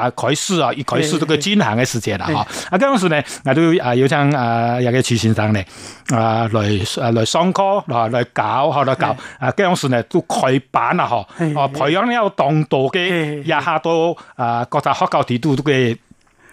啊！開始啊！一開始都個金行嘅時間啦，吓是是、啊！啊，這樣時呢，我都啊要請啊一個徐先生呢，啊來啊來上課，嚟來搞，吓嚟搞啊，嗰時、啊、呢，都開班啊，嗬！是是 啊，培養有眾多嘅，一下到啊各大學校地都都嘅。